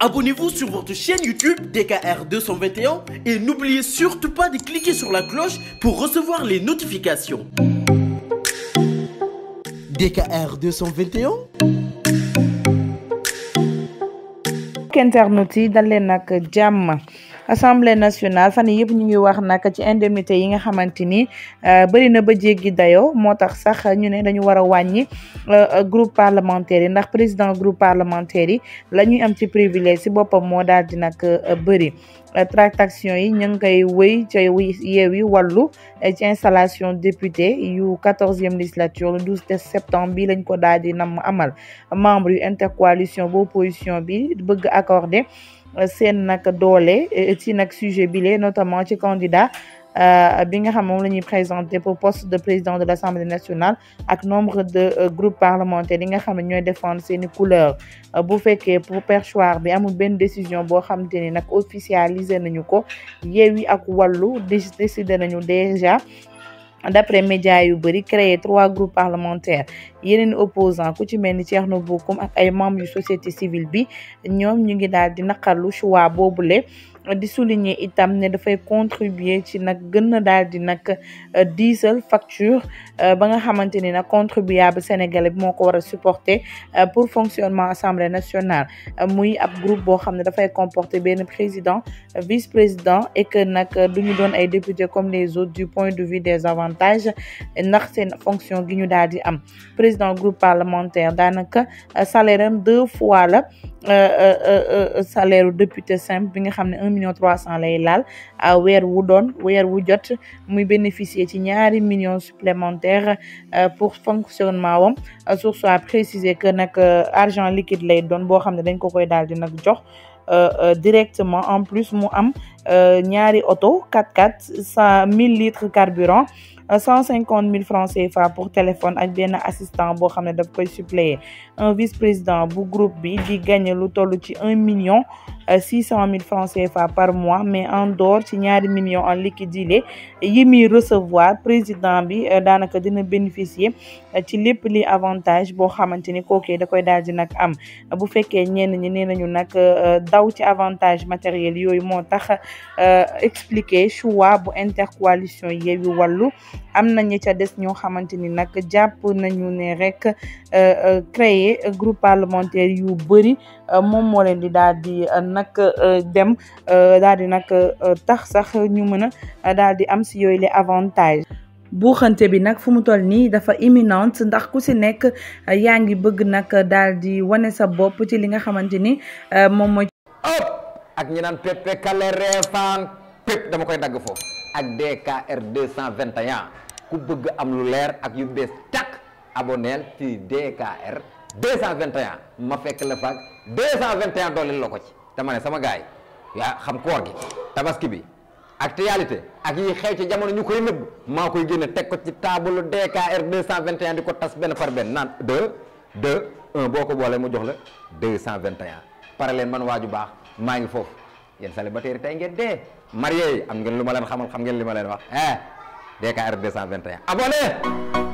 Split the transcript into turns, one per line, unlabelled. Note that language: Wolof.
abonnez-vous sur votre chaîne YouTube DKR221 et n'oubliez surtout pas de cliquer sur la cloche pour recevoir les notifications.
DKR221. internautes yi dal leen nag jàmm. assemblée nationale fan yëpp ñu ngi wax nag ci indemnité yi nga xamante ni euh, bëri na ba jéggi dayoo moo tax sax ñu ne dañu war a wàññi euh, groupe parlementaire yi ndax président groupe parlementaire yi la ñuy am ci privilège si boppam moo daal di nag euh, bëri tractation yi ñu ngi koy wéy ca Yewwi Wallu ci installation député yu quatorzième législature le douze septembre bi lañ ko daal di nam amal membre yu intercoalition bu opposition bi bëgg accordé seen nag doole euh, ci nag sujet bi bile notamment ci candidat euh, bi nga xam moom la ñuy présenté pour poste de président de l' assemblée nationale ak nombre de euh, groupes parlementaires yi nga xam ne ñooy défendre seeni i couleur bu fekkee pour perchoir bi amul benn décision boo xamante ni nag officialisé nañu ko Yewwi ak Wallu décidé nañu déjà Ah, d'après médias yu bëri créer trois groupes parlementaires yeneen opposants ku ci mel ni Thierno Bocoum ak ay membres yu société civile bi ñoom ñu ngi daal di naqarlu boobu le di souligner itam ne dafay contribuer ci nag gën a daal di nag euh, diisal facture euh, ba nga xamante ni nag contribuable sénégalais bi moo ko war a supporter euh, pour fonctionnement assemblée nationale muy ab groupe boo xam ne dafay comporter benn président vice président et que nag du ñu doon ay députés comme les autres du point de vue des avantages ndax seen fonction gi ñu daal di am président groupe parlementaire daanaka salaire am deux fois la salaire député million trois cent lay laal weer wu doon weer wu jot muy bénéficier ci ñaari millions supplémentaires euh, pour fonctionnement wam source a préciser que nag euh, argent liquide lay doon boo xam ne dañ ko koy daal di nag jox euh, directement en plus mu am ñaari oto 4 x cent mille litres carburant cent cinquante mille francs CFA pour téléphone ak benn assistant boo xam ne daf koy suppléer un vice-président bu groupe bi di gagné lu toll ci un million Euh, six cent mille francs CFA par mois mais en dehors ci ñaari millions en liquidité yi muy recevoir président bi euh, daanaka dina bénéficier euh, ci lépp li avantage boo xamante ni kookee da koy daal di nag am bu fekkee ñeen ñi nee nañu nag daw ci avantage matériel yooyu moo tax expliquer choix bu intercoalition Yewwi Wallu am na ñi ca des ñoo xamante ni nag jàpp nañu ne rek créer groupe parlementaire yu bëri moom moo leen di daal di euh, nag euh, dem euh, daal di nag tax sax ñu mën a daal di am si yooyu les avantages buuxante bi nag fu mu toll nii dafa imminente ndax ku si nekk yaa ngi bëgg nag daal di wane sa bopp ci li nga xamante ni moom mooy ëpp
ak ñi naan pépp kale reefaan pépp dama koy dagg foofu ak DKR 221 ku bëgg am lu leer ak yu bees tàkk aboneel ci DKR deux cent ma fekk la faak deux cent vingt et un dooleel la ko ci te ma ne sama gaay yaa xam koor gi tabaski bi actualité ak yi xew ci jamono ñu koy nëbb maa koy génne teg ko ci taabalu DKR 221 di ko tas benn par benn naan de 2 1 boo ko boolee mu jox la de 221 par leen man waaju baax maa ngi foofu yéen célibataire tey ngeen dee marié yi am ngeen lu ma leen xamal xam ngeen li ma leen wax eh DKR 221 abonné